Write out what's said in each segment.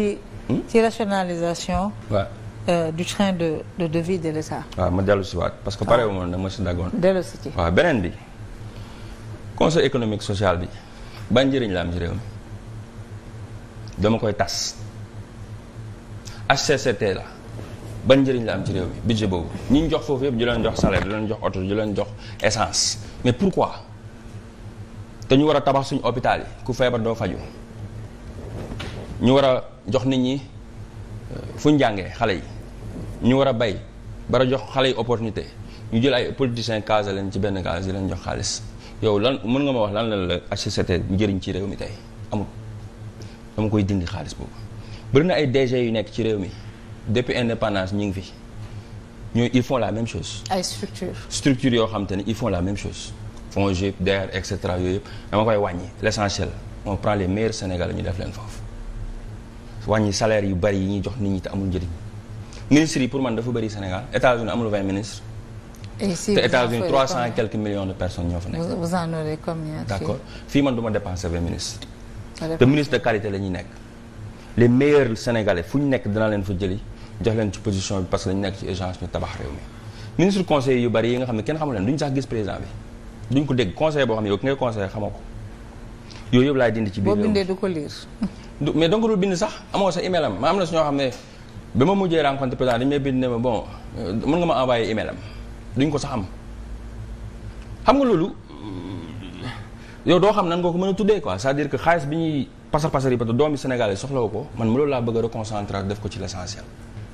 ci ci hmm? rationalisation. Ouais. Euh, du de de de vie de l'État. Ah, ma dellu si waat parce que pare ah. woon na ma si daggoon. dellu si ci waaw beneen bi conseil économique sociale bi ba njëriñ la am ci réew mi dama koy tas HCCT la la am ci réew mi boobu ñi ñu jox foofu yëpp di leen jox salaire di leen jox oto di leen jox essence mais pourquoi te ñu war a tabax suñu hôpital yi ku feebar doo faju ñu war a jox nit ñi euh, fuñ jàngee xale yi ñu war a bay bara jox xale yi opportunité ñu jël ay politiciens casé leen ci benn gaz di leen jox xaalis yow lan mën nga ma wax lan la la HCCT jëriñ ci réew mi tey amul dama koy dindi xaalis boobu bëri na ay DG yu nekk ci réew mi depuis indépendance ñu ngi fi ñooy ils font la même chose. ay structure structure yoo xam te ne ils la même chose FONGIP DER et cetera yooyu yëpp dama koy wàññi l' essentiel on prend les meilleurs Sénégalais ñu def leen foofu. wàññi salaire yu bari yi ñuy jox nit ñi te amul njëriñ ministres yi pour man dafa bëri Sénégal États-Unis amul 20 ministres. te États-Unis 300 et quelques millions de personnes ñoo fa nekk. vous en fii man du ma dépenser 20 te ministre qualité la ñuy nekk. les meilleurs sénégalais fu ñu nekk dina leen fa jëli jox leen ci position bi parce que dañu nekk ci urgence ñu tabax réew mi. ministre conseil yu bari yi nga xam ne kenn xamul leen ñu sax gis président bi duñ ko dégg conseil boo xam ne mais donc dul bind sax amoo sa email am ma am na su ñoo xam ne ba ma mujjee rencontre président dañu may bind ne ma bon euh, mën nga ma envoyé email am duñ ko sax am xam nga loolu yow doo xam nan nga ko mën a tuddee ko c'est-à-dire que xaalis bi ñuy pasar pasar yi parce que doomi Sénégal yi soxlawu ko man mu loolu laa bëgg a def ko ci l'essentiel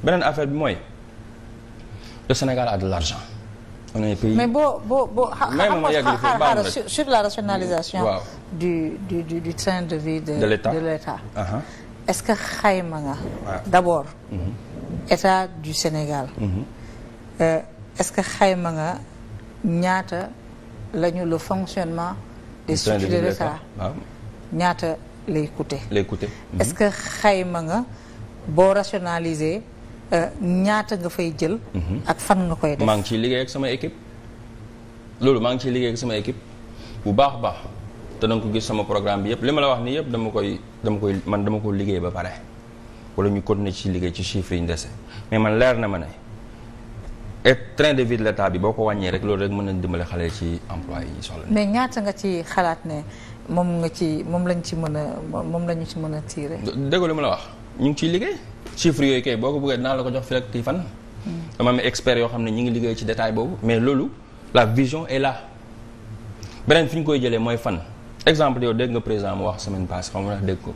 beneen affaire bi mooy le Sénégal a de l'argent on mais boo boo boo xam sur la rationalisation. waaw du du du du train de vie de. de l'État de uh-huh. est-ce que xayma nga. Ah. d'abord. Mm-hmm. État du Sénégal. Mm-hmm. Euh, est-ce que xayma nga ñaata lañu le fonctionnement. des structures de l'État ah. ñaata lay coûter. lay coûter. est-ce mm-hmm. que xayma nga boo rationaliser. Euh, ñaata nga fay jël. Mhm. ak fan nga koy def maa ngi ciy liggéey ak sama équipe. loolu maa ngi ciy liggéey ak sama équipe bu baax a baax te danga ko gis sama programme bi yëpp li ma la wax nii yëpp dama koy dama koy man dama ko liggéey ba pare. wala ñu continuer ci liggéey ci chiffres yi ñu dese mais man leer na ma ne et train de vie de l'état bi boo ko wàññee rek loolu rek mën nañ dimbale xale ci emploi yi soxla. mais ñaata nga ci xalaat ne moom nga ci moom lañ ci mën a moom lañu ci mën a tiire. dëgg li wax ñu chiffres yooyu kay boo ko bëggee dinaa la ko jox fii ak kii fan. dama am expert yoo xam ne ñu ngi liggéey ci détail boobu mais loolu la vision est la beneen fi ñu koy jëlee mooy fan exemple yow dégg nga président mu wax semaine passée xam nga dégg ko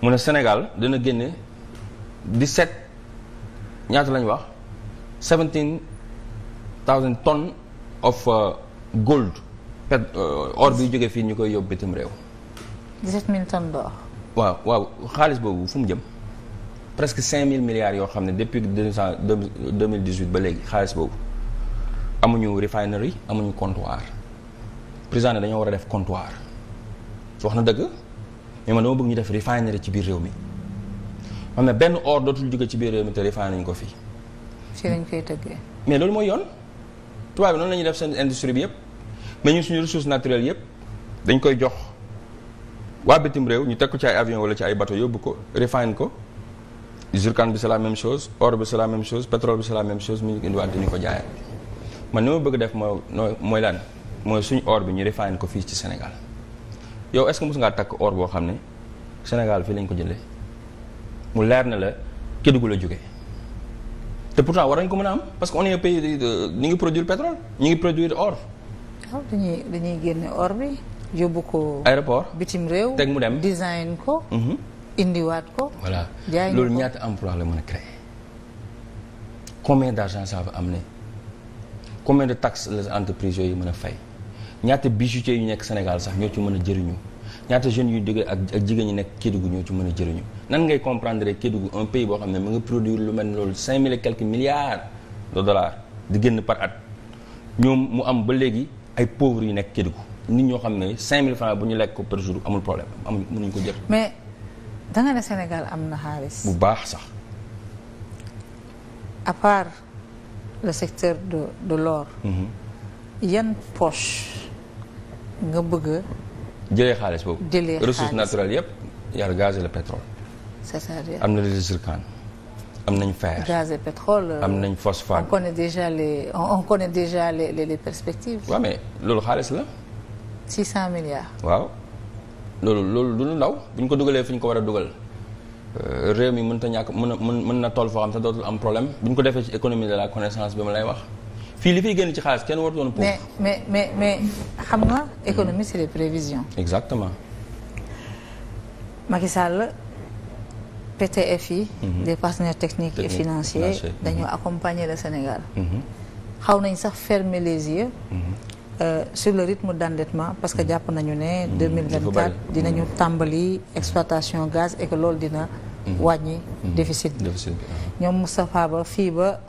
ko dana génne 17 ñaata lañ wax 17 000 tonnes of uh, gold pet euh, or bi jógee fii ñu koy yóbbu bitim réew. 17 waaw waaw xaalis boobu fu mu jëm. presque 5000 milliards yoo xam ne depuis deux cent deux mille dix huit ba léegi xaalis boobu amuñu refinerie amuñu comptoir président ne dañoo war a def comptoir wax na dëgg mais man dama bëgg ñu def refinerie ci biir réew mi xam ne benn or dootul jóge ci biir réew mi te refinerie nañ ko fii. fii lañ koy tëggee. mais loolu mooy yoon tubaab bi noonu la def seen industrie bi yëpp mais ñun suñu ressources naturelles yëpp dañ koy jox waa bitim réew ñu teg ko ci avion wala ci ay bateau yóbbu ko refine ko. zircon bi c'est la même chose or bi c'est la même chose pétrole bi c'est la même chose mu ñu indiwaat ñu ko jaayal man ni ma bëgg def mooy mooy lan mooy suñu or bi ñu refine ko fii ci Sénégal yow est-ce que takk or boo xam ne Sénégal fii lañ ko jële mu leer na la Kédougou la jógee te pourtant war nañ ko mën a am parce que on est un pays ñu ngi produire pétrole ñu ngi produire or. waaw ah, dañuy dañuy génne or bi yóbbu ko. aéroport bitim réew. teg mu dem design ko. Mhm. indiwaat ko. voilà loolu ñaata emploi la mën a créer combien d' argent ça va amener combien de taxes les entreprises yooyu mën a fay ñaata bijoutiers yu nekk Sénégal sax ñoo ci mën a jëriñu ñaata jeunes yu jógee ak jigéen ñi nekk Kédougou ñoo ci mën a jëriñu nan ngay comprendre rek Kédougou un pays boo xam ne mu ngi produire lu mel loolu cinq mille et quelques milliards de dollars di génn par at ñoom mu am ba léegi ay pauvres yu nekk Kédougou nit ñoo xam ne cinq mill francs bu ñu lekk ko par jour amul problème amuñu mënuñu ko jël. da nga ne Sénégal am na xaalis. bu baax sax. à part le secteur de de l'or. Mhm. yan poche nga bëgg a. jëlee xaalis boobu jëlee xaalis ressources naturelles yëpp yar gaz la le pétrole. c'est-à-dire am na le zircon am nañ fer gaz et pétrole. Euh, am nañ phosphate on connaît déjà les on connaît déjà les les perspectives. waaw mais loolu xaalis la. 600 milliards. waaw. loolu loolu du lu ndaw bu ñu ko dugalee fu ñu ko war a dugal euh, réew mi mun ta ñàkk mun na mun na toll foo xam te dootul am problème bu ñu ko defee ci économie de la connaissance bi ma lay wax fii li fiy génn ci xaalis kenn warut woon pour mais mais mais mais xam nga économie c'est les prévisions. exactement. Macky Sall PTF yi. Mhm. des partenaires techniques et financiers. dañoo mhm. accompagner le Sénégal. Mhm. xaw nañ sax fermer les Euh, sur le rythme d'endettement parce que hmm. jàpp nañu ne 2024 hmm. dinañu hmm. tàmbali exploitation gaz et dina wàññi déficit bi uh-huh. ñoom Moustapha Ba fii ba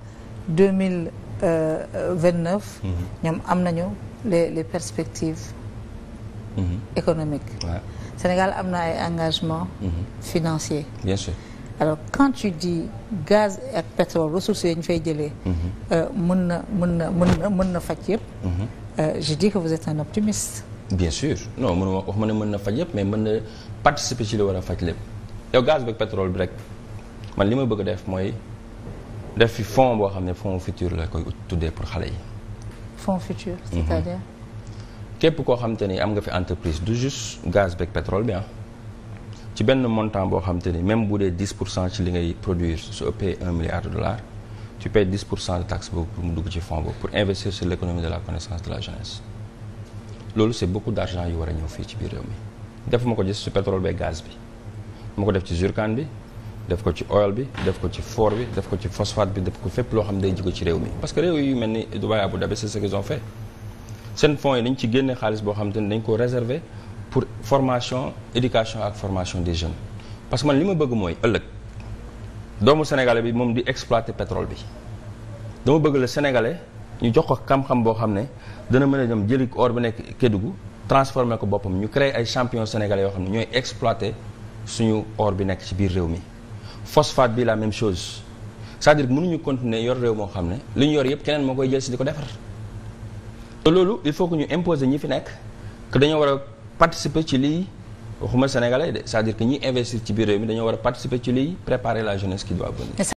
2029 ñoom am nañu les les perspectives économiques Sénégal am na ay engagements financier bien alors quand tu dis gaz ak pétrole ressources yi ñu fay jëlee euh, mën na mën na mën na mën na faj yëpp Euh, je dis que vous êtes un optimiste. bien sûr non mënuma wax ma ne mën na faj yëpp mais mën na participer ci li war a faj lépp yow gaz beeg pétrole bi rek man li ma bëgg def mooy def fi fonds boo xam ne fonds futur la koy tuddee pour xale yi. fonds futur. Mhm. cest à képp koo xamante ni am nga fi entreprise du juste gaz beeg petrole bi ah ci benn montant boo xamante ni même bu dee 10 pour cent ci li ngay produire su ëppee 1 milliard de dollars. tu paies 10 pour cent de taxe boobu pour mu dugg ci fonds boobu pour investir sur l' économie de la connaissance de la jeunesse loolu c' est beaucoup yu war a ñëw fii ci biir réew mi defuma ko gis ci pétrole bi gaz ma ko def ci zircon bi def ko ci oil bi def ko ci for bi def ko ci phosphate bi def ko fépp loo xam day jiko ci réew mi parce que réew yu mel ni Dubaï Abu Dhabi c' est ce qu' fait seen fonds yi dañ ci génne xaalis boo xam ne dañ ko réserver pour formation éducation ak formation des jeunes parce que li ma bëgg mooy ëllëg doomu sénégalais bi moom di exploiter pétrole bi dama bëgg la sénégalais ñu jox ko xam-xam boo xam ne dana mën a dem jëli or bi nekk Kédougou transformer ko boppam ñu créer ay champion sénégalais yoo xam ne ñooy exploiter suñu or bi nekk ci biir réew mi phosphate bi la même chose c'est-à-dire mënuñu continuer yor réew moo xam ne li ñu yor yëpp keneen moo koy jël si di ko defar te loolu il faut que ñu imposer ñi fi nekk que dañoo war a participer ci lii waxuma sénégalais de c'est-à-dire que ñi investir ci biir réew mi dañoo war a participer ci liy préparer la jeunesse qui doit venir